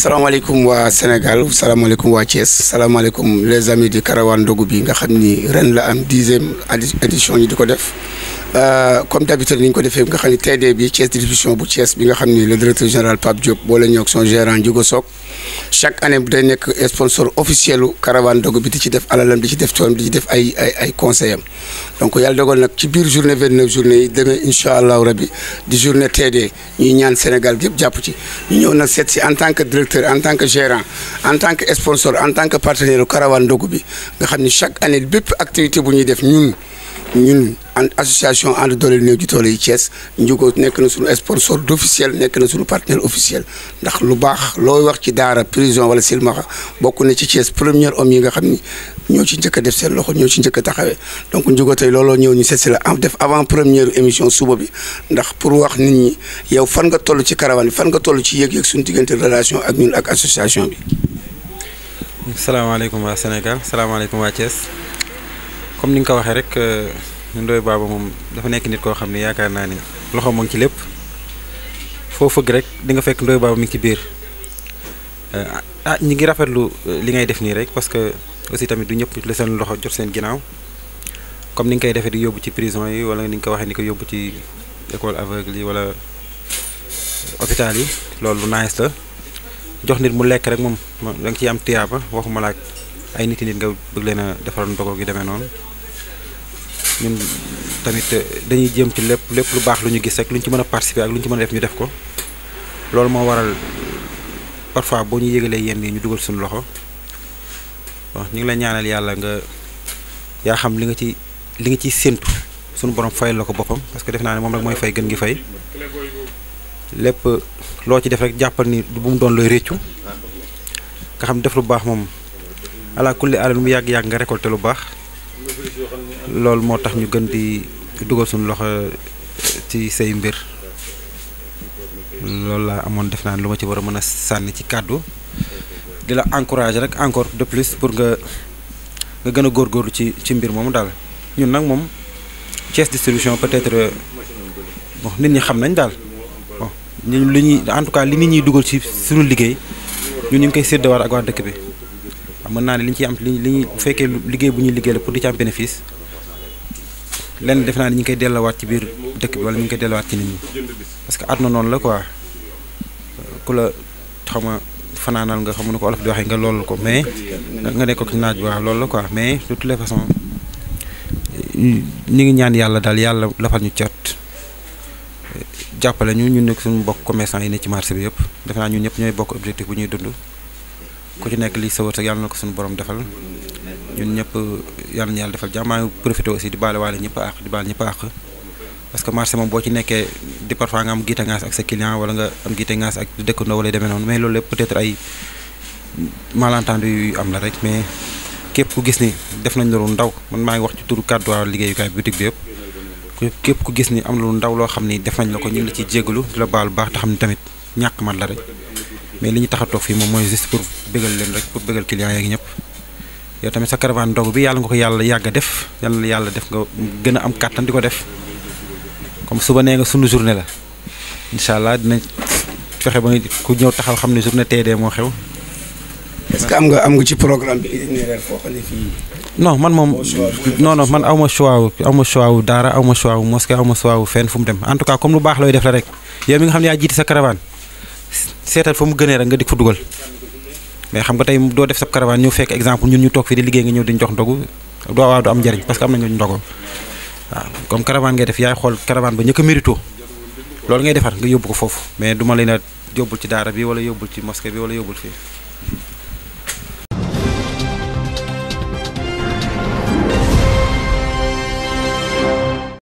salaamaaleykum waa Sénégal salaamaaleykum waa Thiès salaamaaleykum les amis du Caravane Ndogu bi nga xam ni ren la am dixième édition ñu di ko def Euh, comme d'habitude ni ñu ko defee nga xam ne TD bi Thiès distribution bu Thiès bi nga xam le directeur général Pape Diop boole ñoog son gérant Ndiouga Sock chaque année bu day nekk sponsor officiel u caravane dogu bi di ci def alalam di ci def toolam di ci def ay ay ay conseil donc yàlla dogal nag ci biir journée 29 journée yi demee incha allahu rabi di journée TD ñuy ñaan Sénégal yëpp jàpp ci ñu ñëw nag seet si en tant que directeur en tant que gérant en tant que sponsor en tant que partenaire u caravane dogu bi nga xam chaque année bépp activité bu ñuy def ñun ñun association ànd dooleel néew ci doole yi Thiès Ndiougo nekk na suñu sponsor officiel nek na suñu partenaire officiel ndax lu bax looy wax ci daara prison wala silma bokku na ci Thiès premier homme yi nga xamni ñoo ci njëkk def seen loxo ñoo ci njëkk taxawé donc ñugo tay lolo ñëw ñu seet la am def avant première émission suba bi ndax pour wax nit ñi yow fan nga tollu ci caravane fan nga tollu ci yëg-yëg suñu diggante relation ak ñun ak association bi. salaamaaleykum wa Sénégal salaamaaleykum wa Thiès. comme ni nga ko waxee rek euh, Ndoye Baba moom dafa nekk nit koo xam ne yaakaar naa ne loxo moo ngi ci lépp foo fëgg rek di nga fekk Ndoye Baba mi ngi ci biir euh, ah ñu ngi rafetlu euh, li ngay def nii rek parce que aussi tamit du ñëpp la seen loxo jot seen ginnaaw comme ni nga koy defee di yóbbu ci prison yi wala ni nga ko waxee ni ko yóbbu ci école aveugle yi walla hôpital yi loolu lu nice la jox nit mu lekk rek moom da nga ciy am tiyaaba waxuma laaj ay nit nit nga bëgg leen a defaral ndogo gi demee noonu. ñun tamit dañuy jëm ci lépp lépp lu baax lu ñu gis rek lu ñu ci mën a participer ak lu ñu ci mën a def ñu def ko loolu moo waral parfois boo ñu yëgalee yenn yi ñu dugal suñu loxo wax ñu ngi la ñaanal yàlla nga yaa xam li nga ci li nga ciy séntu suñu borom fayal la ko parce que def naa ne moom rek mooy fay gën gi fay lépp loo ci def rek jàppal ni bu mu doon looy réccu nga xam def lu baax moom ala kulli alal mu yàgg-yàgg nga récolter lu lol mo tax ñu gën di duggal suñu loxo ci sey mbir loolu la amon def naan luma ci wara mëna sanni ci cadeau di la encourager rek encore de plus pour nga nga gëna gor góorgóorlu ci ci mbir moomu dal ñun nak mom chess distribution peut-être bon nit ñi xam nañ dal bon ñu li ñuy en tout cas li nit ñi duggal ci suñu liggéey ñun ñu ngi koy séddewaat ak waa dëkk bi. mën naa ne li ñu ci am li ñu bu fekkee liggéey bu ñuy liggéey la pour di ci am bénéfice lenn def naa ni ñu ngi koy delluwaat ci biir dëkk bi wala ñu ngi koy delluwaat ci nit parce que àdduna noonu la quoi ku la xam nga fanaanal nga xam ko olof di waxee nga loolu ko mais nga ne ko ci naaj waaw loolu la quoi mais de toutes les ñu ngi ñaan yàlla daal yàlla lafal ñu cot jàppale ñu ñu nekk suñu bokk commerçant yi ne ci marché bi yëpp defe naa ñu ñëpp ñooy bokk objectif bu ñuy dund ku ci nekk li sa wërsëg yàlla na ko suñu borom defal ñun ñëpp yàlla na yàlla defal jàmm ngi profité aussi di baale waale ñëpp àq di baal ñëpp àq parce boo ci nekkee di parfois nga am giite ngaas ak sa client wala nga am giite ngaas ak dëkkandoo wala demee noonu mais loolu lépp peut-être ay malentendu yu am la rek mais képp ku gis ni def nañ loolu ndaw man maa ngi wax ci turu kàddu waaw liggéeyukaay boutique bi yëpp képp ku gis ni am na lu ndaw loo xam ni def nañ la ko ñu ngi la ciy jégalu la baal baax te xam ni tamit ñàkk man la rek mais liñu ñu tax a toog fii juste pour bégal leen rek pour bégal client yi ñep yow tamit sa caravane dog bi yalla nga ko yalla yag def yalla yalla def nga gëna am kàttan diko def comme suba ne nga sunu journée la inshallah dina fexé ba nga ku ñew taxaw xamni journée td mo xew. est-ce am nga am nga ci programme bi itinéraire fo xali fi non man mom non non man awma choix awma choix dara awma choix mosquée awma choix fen fum dem en tout cas comme lu bax loy def la rek yow mi nga xamni ya jitt sa caravane seetal fa mu gënee rek nga dik fa dugal mais xam nga tey doo def sab caravane ñëw fekk exemple ñun ñu toog fii di liggéey nga ñëw di jox ndogu doo waaw du am njariñ parce que am na ñu ndogo waaw comme caravane ngay def yaay xool caravane ba ñëkk a mérito loolu ngay defar nga yóbbu ko foofu mais duma ma leen a yóbbul ci daara bi wala yóbbul ci mosquée bi wala yóbbul fii